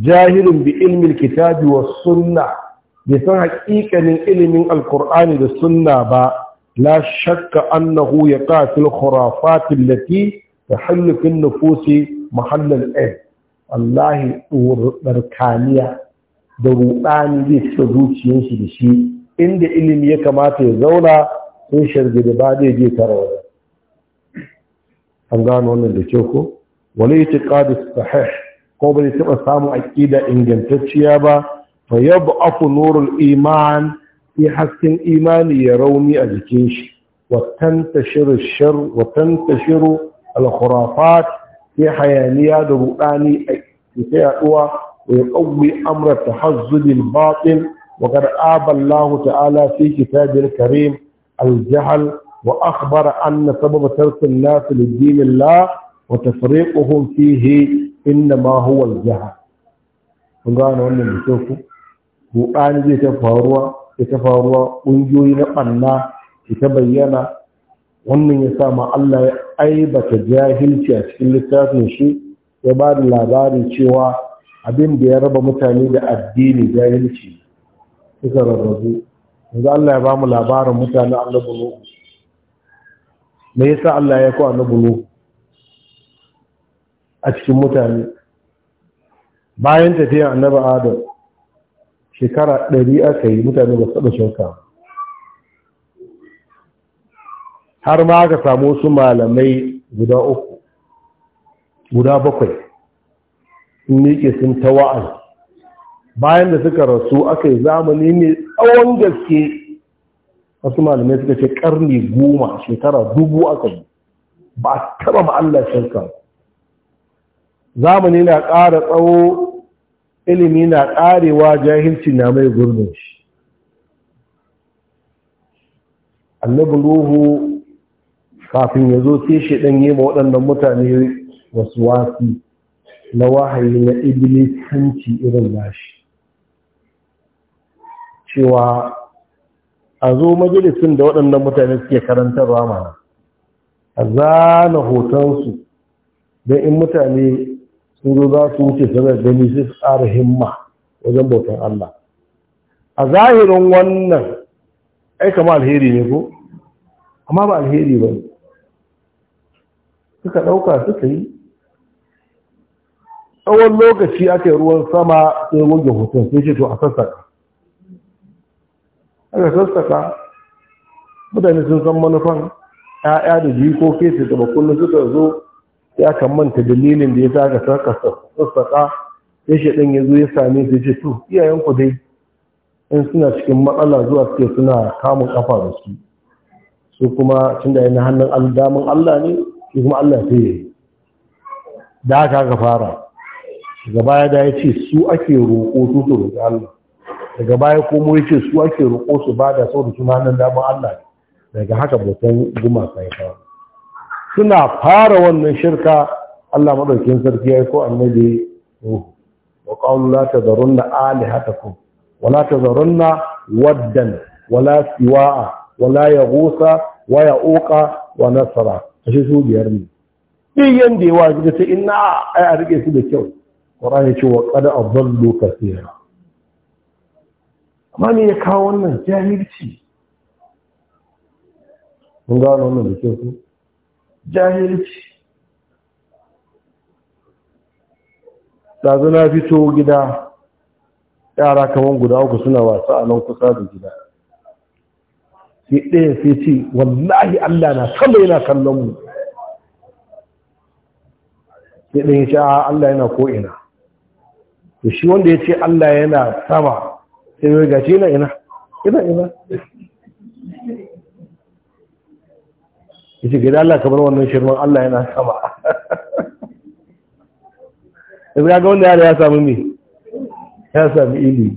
Jahilin bi ilmi kitabi sunna, sunnah bai san haƙiƙanin ilimin alkur'ani da sunna ba la shakka annahu ya ƙafil khurafatin lati da hallufin nufusi mahallal ɗin wallahi kaniya da ruɗani zai cika zuciyar shi da shi inda ilimi ya kamata ya zauna sun shirge da ba zai je tara an gano wannan da kyau ko wani ya tiƙa sahih ko bai taɓa samun aƙida ingantacciya ba fa yabu afu nurul iman sai hasken imani ya rauni a jikin shi وتنتشر الشر وتنتشر hayaniya da حيانية a ke ta yaduwa wa ya qawwi amra tahazzudil batin wa qad aballahu ta'ala fi kitabil karim al-jahl wa akhbara anna sababa tarki an-nas li dinillah wa tafriquhum fihi innama huwa al-jahl kun gane wannan da kyau ku zai ta faruwa ya ta faruwa ƙungiyoyi na ɓanna ya ta bayyana wannan ya sa ma Allah ya aibata jahilci a cikin littafin shi ya ba da labarin cewa abin da ya raba mutane da addini jahilci suka rarrabu yanzu Allah ya ba mu labarin mutane a Nuhu me yasa Allah ya ko annabi Nuhu a cikin mutane bayan a annabi Adam shekara ɗari aka yi mutane ba su taɓa shauka har ma aka samu wasu malamai guda uku guda bakwai sun miƙe sun ta wa'an bayan da suka rasu aka yi zamani mai tsawon gaske wasu malamai suka ce ƙarni goma shekara dubu aka yi ba a taɓa ma'allar shirka zamani na ƙara tsawo ilimi na ƙarewa jahilci na mai gurbin shi annabin ruhu kafin ya zo sai shi ma waɗannan mutane Wasu waswasi na wahayi na hanci irin nashi cewa a zo majalisun da waɗannan mutane suke karantarwa mana a zana hotonsu don in mutane sun zo za su wuce sanar gani nisi su ƙara himma wajen bautan Allah a zahirin wannan ai kama alheri ne ko amma ba alheri ba ne suka ɗauka suka yi tsawon lokaci aka yi ruwan sama sai goge hoton sai ce to a sassaka aka sassaka mutane sun san manufan ya'ya da biyu ko su da bakullu suka zo ya kamanta manta dalilin da ya sa aka sassaka sai shaɗin ya zo ya same su ce to iyayenku dai in suna cikin matsala zuwa suke suna kamun kafa da su su kuma tun da yana hannun aldamin Allah ne shi kuma Allah sai ya yi da haka aka fara daga baya da ya ce su ake roƙo su su roƙi Allah daga baya komo ya ce su ake roƙo su ba da saboda su hannun damar Allah daga haka bautan guma sai kawo suna fara wannan shirka Allah maɗaukin sarki ya yi ko annabi ruhu wa qawlu la tadharunna alihatakum wa la tadharunna waddan wa la siwa'a wa la yaghusa wa ya'uqa wa nasara ashe su biyar ne duk yanda ya wajibi sai inna ai a rike su da kyau ƙwararri ce wa ƙada a zallo kasira amma ne ya kawo wannan jahilci mun gano wannan da ke ku jahilci ɗazu na fito gida yara kamar guda uku suna wasa a nan kusa da gida sai ɗaya sai ce wallahi Allah na kallo yana kallon mu sai ɗaya ce a Allah yana ko'ina to shi wanda ya ce Allah yana sama sai ya gashi yana ina ina ina ya gida Allah kamar wannan shirman Allah yana sama ya ga wanda ya sami mi ya sami ilimi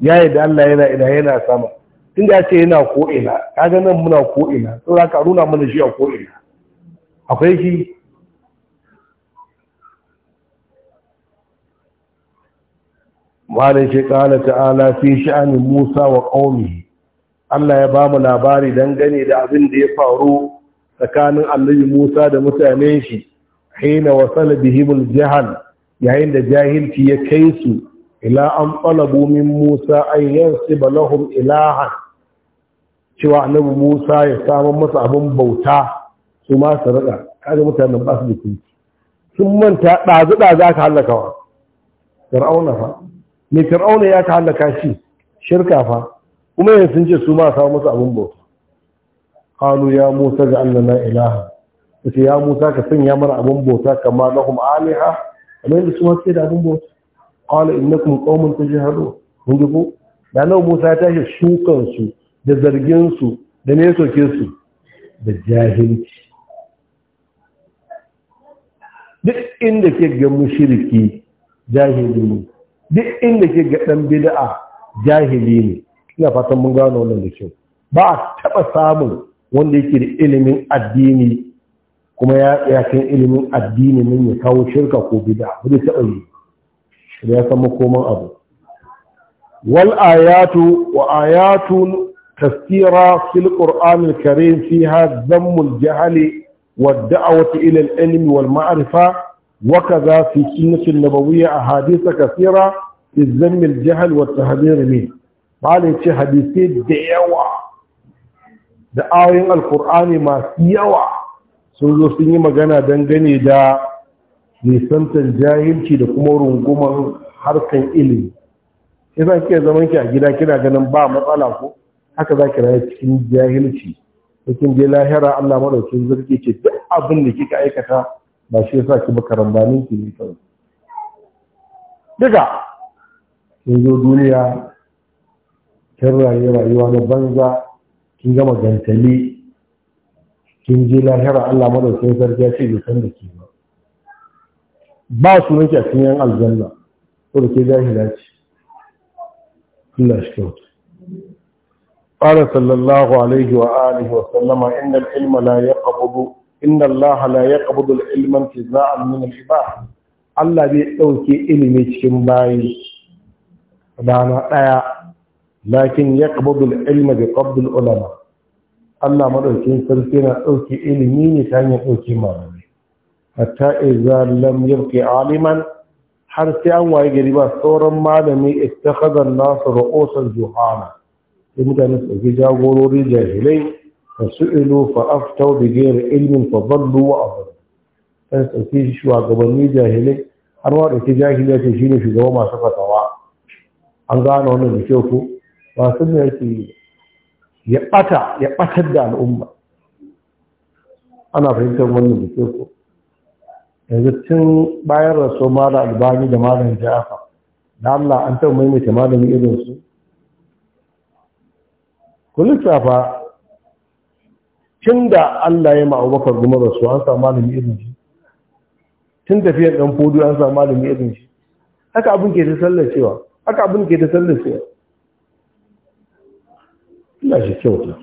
ya yi da Allah yana ina yana sama tun da ya ce yana ko'ina ina, kaga nan muna ko'ina saboda ka nuna mana shi a ko'ina akwai shi malin shi kala ta'ala fi sha'anin musa wa ƙaumi allah ya ba mu labari dangane da abin da ya faru tsakanin annabi musa da mutanen shi hina wasala bihimul jahal yayin da jahilci ya kai su ila an talabu min musa an yansiba lahum ilahan cewa annabi musa ya samu masa abin bauta su ma su rika kaga mutanen ba su da sun manta ɗazu ɗazu aka wa fir'auna fa mai fir'auna ya ta shi shirka fa kuma yanzu sun ce su ma samu musu abin bauta qalu ya musa ga annana ilaha sai ya musa ka sanya mana abin bauta kamar lahum aliha kamar yadda su ma suke da abin bauta qala innakum qaumun tajhalun mun ji ko da nan musa ya tashi shukan su da zargin su da ne soke su da jahilci duk inda ke ga mushriki jahilci. duk inda ke ga ɗan bid'a jahili ne ina fatan mun gano wannan da kyau ba a taɓa samun wanda yake da ilimin addini kuma ya kan ilimin addini min ya kawo shirka ko bid'a ba zai taɓa yi ya san makoman abu wal ayatu wa ayatu tafsira fil al karim fiha dhammul jahli wa da'wati ila al ilmi wal ma'rifa وكذا في السنة النبوية أحاديث كثيرة في الذم الجهل والتهذير منه قال في حديثي دعوة دعاوين القرآن ما سيوة سنزو سنجي مغانا دنغني دا nisantar jahilci da kuma runguman harkan ilimi idan ke zaman ki a gida kina ganin ba matsala ko haka za ki rayu cikin jahilci cikin je lahira Allah madaukin zurfi ce duk abinda kika aikata ba shi yasa ki baka rambanin ki ne kawai duka kin zo duniya kin rayu rayuwa na banza kin gama gantali kin je lahira Allah madaukin sarki ya ce bai san da ke ba ba su nake a cikin yan aljanna ko da ke jahila ce Allah shi kyauta قال صلى الله عليه وآله وسلم إن العلم لا يقبض ان الله لا يقبض العلم انتزاعا من العباد الله دي دوكي علمي تشكم باي معنى دايا آية. لكن يقبض العلم بقبض العلماء الله ما دوكي سرسينا دوكي علمي نتاني دوكي مارمي حتى اذا لم يبقي عالما حرسي انواي قريبا صورا مالمي اتخذ الناس رؤوس الجهانة يمكن ان في هناك جاهلين fasu'ilu fa aftau bi ghairi ilmin fa dallu wa adallu sai sauki shugabanni jahilai har ma da ke jahiliya ce shine shugaba masu fatawa an gano wannan da kyau ko ba sun ne yake ya bata ya batar da al'umma ana fahimtar wannan da kyau ko yanzu tun bayan rasuwar malam albani da malam jafa da Allah an taɓa maimaita malamin irinsu ku lissafa tun da Allah ya ma'a bakar gumar da su an samu malami irin shi tun tafiyar ɗan fodu an samu malami irin shi haka abin ke ta cewa, haka abin ke ta cewa Allah shi kyauta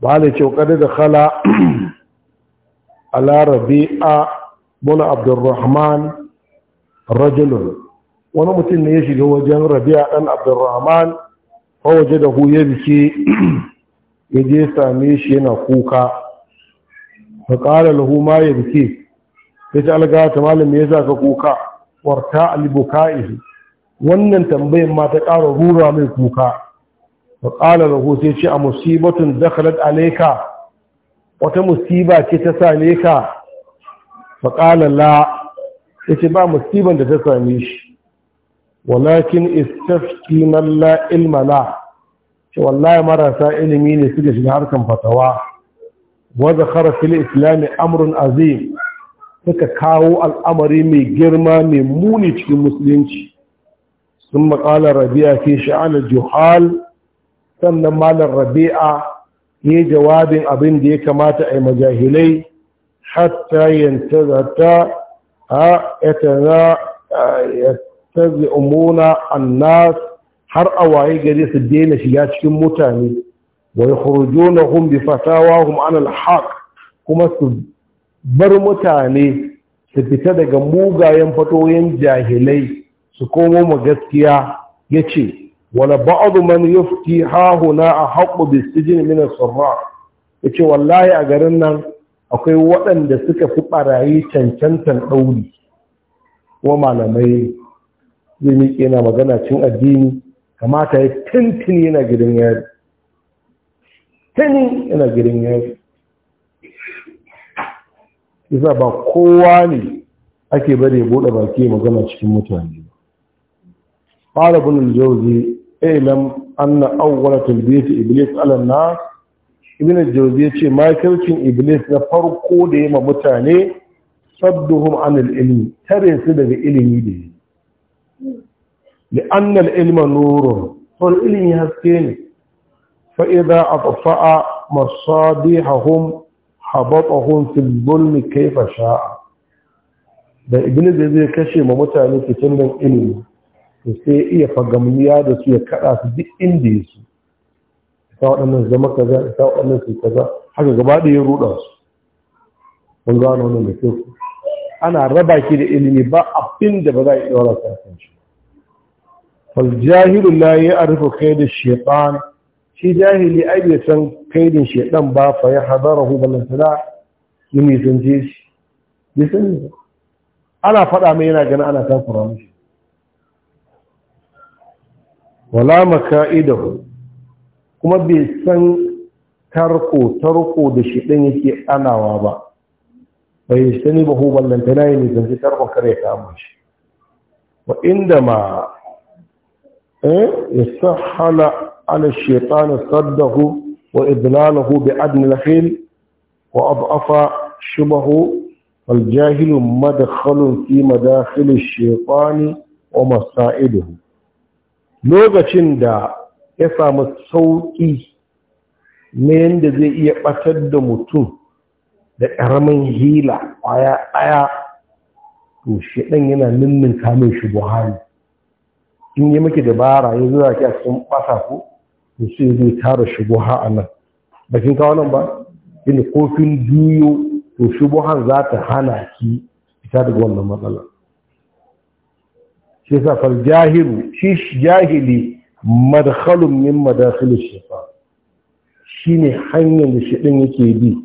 ba da kyauƙar da khala ala rabi'a mula abdurrahman rajulun wani mutum ne ya shiga wajen rabi'a ɗan abdurrahman waje da huye biki ya je same shi yana kuka ta ƙara lahu ma ya biki ya ce algata malam ya sa ka kuka warta alibuka wannan tambayin ma ta ƙara rura mai kuka ta ƙara lahu sai ce a musibatun dakhalat alaika wata musiba ce ta same ka ta ƙara la ya ce ba musiban da ta same shi walakin istafti man la ilma la wallahi marasa ilimi ne suka shiga harkan fatawa wadda kara fil islami amrun azim suka kawo al'amari mai girma mai muni cikin musulunci sun maƙalar rabia ke sha'anar juhal sannan Malam rabia ne jawabin abin da ya kamata a yi majahilai hatta yanta zata a sai umuna annas har a waye gari su daina shiga cikin mutane wa yakhrujunahum bi fatawahum ala alhaq kuma su bar mutane su fita daga mugayen fatoyin jahilai su komo mu gaskiya yace wala ba'd man yufti hahuna ahq bi sijin min as sarra yace wallahi a garin nan akwai waɗanda suka fi barayi cancantan dauri wa malamai zai miƙe yana magana cin addini kamata ya tintini yana gidan yari tuni yana gidan yari isa ba kowa ne ake bari ya buɗe baki magana cikin mutane fara bunin jauzi ilam eh, anna awwala talbiyat iblis ala nas ibn al-jawzi yace makarcin iblis na farko da ma mutane sadduhum anil ilmi tare su daga ilimi da yi لأن العلم نور فالعلم يهكين فإذا أطفأ مصابيحهم habatahun fil zulmi kaifa sha'a da iblis da zai kashe ma mutane fitin dan ilimi to sai iya fagamniya da su ya kada su duk inda ya su ta waɗannan zama kaza ta waɗannan su kaza haka gaba ɗaya ya ruɗa su mun gano wannan da kyau ana raba ki da ilimi ba abin da ba za a iya ɗora ka faljahilu la ya arfa kaidin shaitan shi jahili ai bai san kaidin ɗan ba fa ya hadarahu balantana ya nisance shi bai sani ana faɗa mai yana gani ana takura mashi wala maka'idahu kuma bai san tarko tarko da shaitan yake anawa ba bai sani ba hu ballantana ya nisance tarkon kare ya shi wa inda ma eh yasahhala ala shaytan saddahu wa idlalahu bi adn al-khil wa ad'afa shubahu wal jahilu madkhalun fi madakhil ash-shaytan wa masa'iduhu lokacin da ya samu sauƙi na yadda zai iya ɓatar da mutum da ƙaramin hila ƙwaya ɗaya to shi yana ninninka min shi buhari in yi maki dabara ya zuwa ki a cikin basa ko to sai zai tara shubuha a nan ba kin kawo nan ba inda kofin duyo to ha za ta hana ki fita daga wannan matsala shi yasa fal jahilu shi jahili madkhalun min madakhil shaytan shine hanyar da shi ɗin yake bi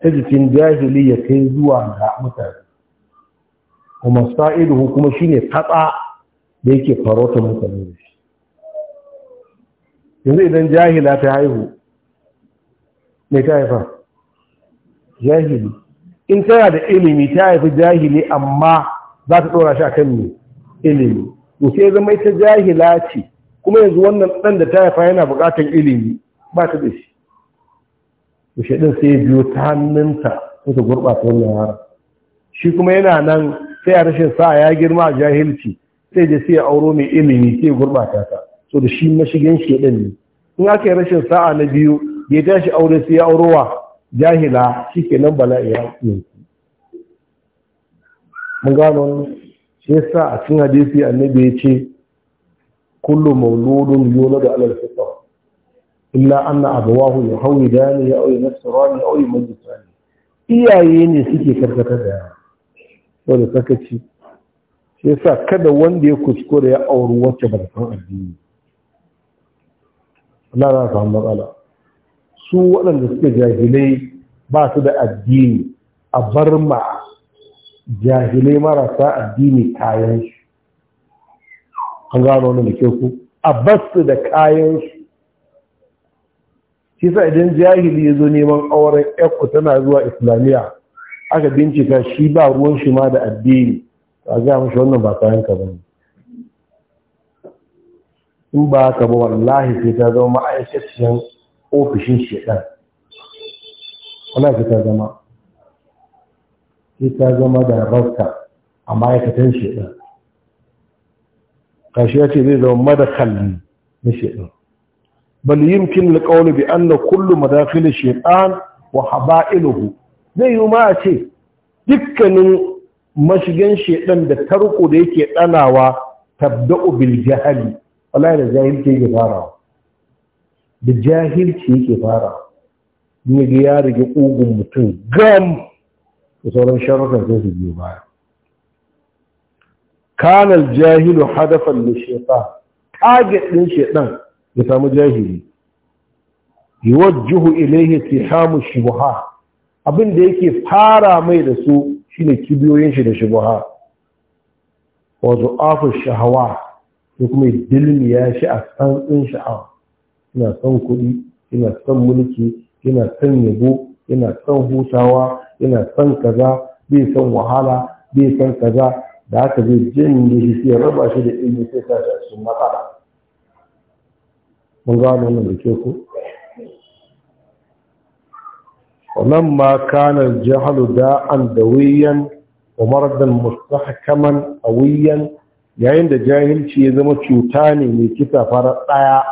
ta jikin jahili ya kai zuwa ga mutane kuma sa'iduhu kuma shine fatsa da yake farautar mutane da shi yanzu idan jahila ta haihu mai ta haifa jahili in tana da ilimi ta haifi jahili amma za ta ɗora shi a kan ne ilimi ya zama ita jahila ce kuma yanzu wannan ɗan da ta haifa yana buƙatar ilimi ba ta da shi ushe ɗin sai biyu ta hannunta wata gurɓata wannan yara shi kuma yana nan sai a rashin sa ya girma a jahilci sai da sai auro mai ilimi sai gurbata ta so da shi mashigin shedan ne in aka yi rashin sa'a na biyu ya tashi aure sai ya aurowa jahila shi ke nan bala'i ya yi mun gano shi yasa a cikin hadisi annabi ya ce kullu mauludun yuladu ala al-fitra illa anna abawahu yuhawidani ya auri mai yumajjisani iyaye ne suke karkatar da yara saboda sakaci shi yasa kada wanda ya kuskure ya auri wacce ba san addini Allah na samu matsala su waɗanda suke jahilai ba su da addini a bar ma jahilai marasa addini kayan shi an gano wani da ku a basu da kayan shi shi sa idan jahili ya zo neman auren yakku tana zuwa islamiyya aka bincika shi ba ruwan shi ma da addini a gaya mashi wannan ba kayan ka bane in ba ka ba wallahi sai ta zama ma'aikaciyar ofishin shedan wala sai ta zama sai ta zama da rasta a ma'aikatan shedan kashi ya ce zai zama madakalli na shedan bal yumkin liqawli bi anna kullu madakhil shaytan wa haba'iluhu zai yi ma a ce dukkanin mashigan shedan da tarko da yake danawa tabda'u bil jahali wallahi da jahilci yake fara, da jahilci yake fara ne ga ya rige kugun mutum gam da sauran sharukan sai su biyo baya kanal jahilu hadafan li shaytan target din shedan ya samu jahili yuwajjihu ilayhi tihamu shubha abin da yake fara mai da su shine kibiyoyin shi da shubuha wa zu'afu shahawa ko kuma dilmiya shi a tsantsin sha'awa ina son kuɗi ina son mulki ina son yabo ina son hutawa ina son kaza bai son wahala bai son kaza da haka zai da shi sai raba shi da ilmi sai sa shi a matsala mun gano wannan da ke ku ولما كان الجهل داء دويا ومرضا مستحكما قويا يا عند جاهل شيء إذا تشوتاني من كتاب رأي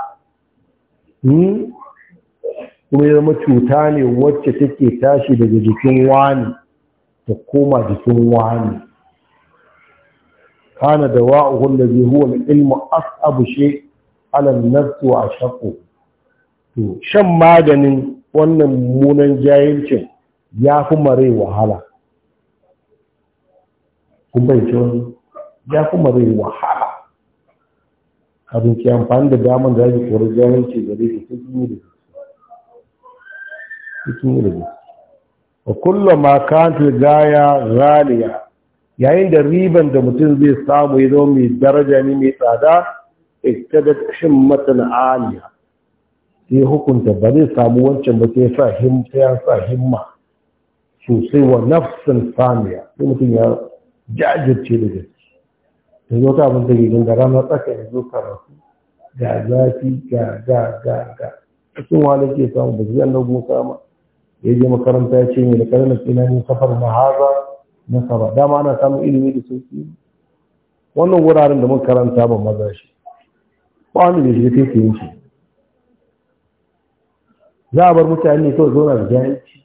هم إذا ما تشوتاني وجهك تاشي بجدكم واني تقوم بجدكم واني كان دواءه الذي هو العلم أصعب شيء على النفس وأشقه شم ما wannan munan jahilcin ya fi mare wahala kun bai wani ya fi mare wahala abin ke amfani da damar da ake kori jahilci da ki sun yi da sun yi da A kullum ma kanta gaya ghaliya yayin da riban da mutum zai samu ya zo mai daraja ne mai tsada iktadat himmatun aliyar. sai hukunta ba zai samu wancan ba sai ya sa himma sosai wa nafsin samiya sai mutum ya jajirce da gaske da zo ta da gidan da ranar tsaka ya zo karatu ga zafi ga ga ga ga cikin wani ke samu ba zai annabi musa ma ya je makaranta ya ce mai da karnar tsinanin safar mahaza na saba dama ana samun ilimi da sauki wannan wuraren da mun karanta ba maza shi ba wani da shi ta yin shi za a bar mutane kawai zauna da jahilci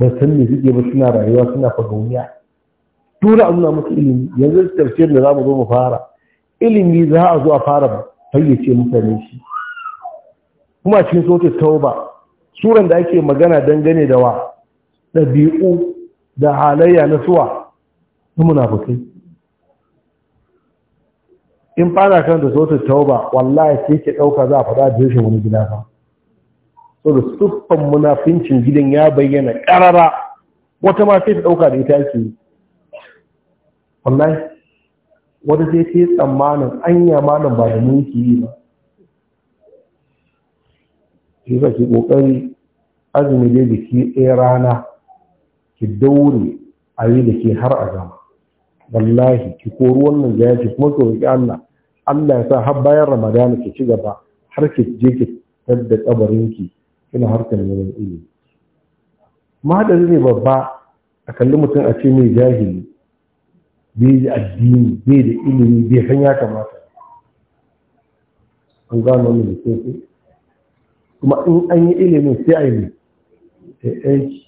ba san me suke ba suna rayuwa suna fagauniya tura nuna musu ilimi yanzu tafsir da za mu zo mu fara ilimi za a zo a fara fayyace mutane shi kuma cikin sautin tauba suran da ake magana dangane da wa ɗabi'u da halayya na suwa na munafukai in fara kan da sautin tauba wallahi sai ke ɗauka za a faɗa da yashin wani gina fa saboda da siffan munafincin gidan ya bayyana ƙarara wata ma sai ta ɗauka da ita ake wallahi wata sai ta yi tsammanin an yi malam ba da mulki yi ba shi ka ki ƙoƙari azumi dai da ke ɗaya rana ki daure a yi da ke har a zama wallahi ki kori wannan gaya ki kuma ki roƙi Allah Allah ya sa har bayan Ramadana ki ci gaba har ki je ki tadda kabarinki ina harkar neman ilimi mahadari ne babba a kalli mutum a ce mai jahili bai da addini bai da ilimi bai san ya kamata an gano mu da sosai kuma in an yi ilimi sai a yi aiki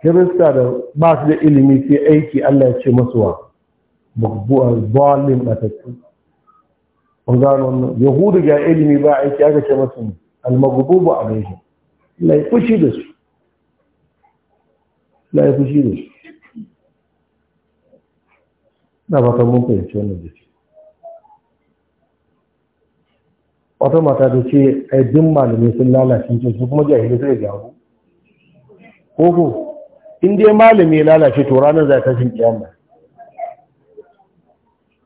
kirista da ba su da ilimi sai aiki allah ya ce masuwa bubuwa zalin batattu an gano wannan yahudu ga ilimi ba aiki aka ce masu ne almagububu a rai Laifushi ya da su Allah ya fushi da su na fata mun fahimci wannan jiki wata mata ta ce ai duk malamai sun lalace ce su kuma jahilai sai gyaru koko in dai malami ya lalace to ranar za ta shin kiyama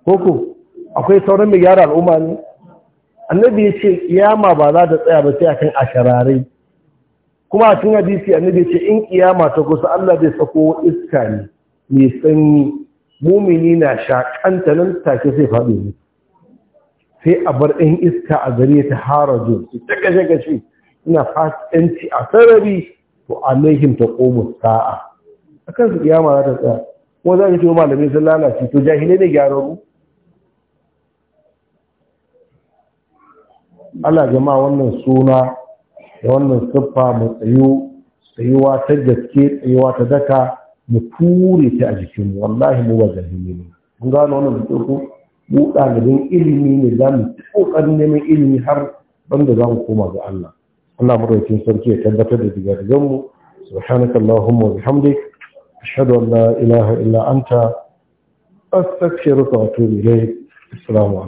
koko akwai sauran mai gyara al'umma ne annabi ya ce kiyama ba za ta tsaya ba sai akan ashararai kuma a cikin hadisi annabi ya ce in kiyama ta kusa Allah zai sako iska ne mai sanyi mumini na shakanta nan take sai faɗi ne sai a bar ɗan iska a gare ta harajo su ta gashe gashe ina fasikanci a sarari to a alaihim ta komu sa'a akan su kiyama za ta tsaya kuma za ka ce malamai sun lalace to jahilai ne gyararru Allah jama'a wannan suna da wannan siffa mu tsayo tsayuwa ta gaske tsayuwa ta daka mu ture ta a jikinmu wallahi mu ba jahili ne mun gano wannan da ku mu dalibin ilimi ne za mu kokarin neman ilimi har banda za mu koma ga Allah Allah madaukakin sarki ya tabbatar da digadigan mu subhanaka allahumma wa bihamdik ashhadu an la ilaha illa anta astaghfiruka wa atubu ilayk assalamu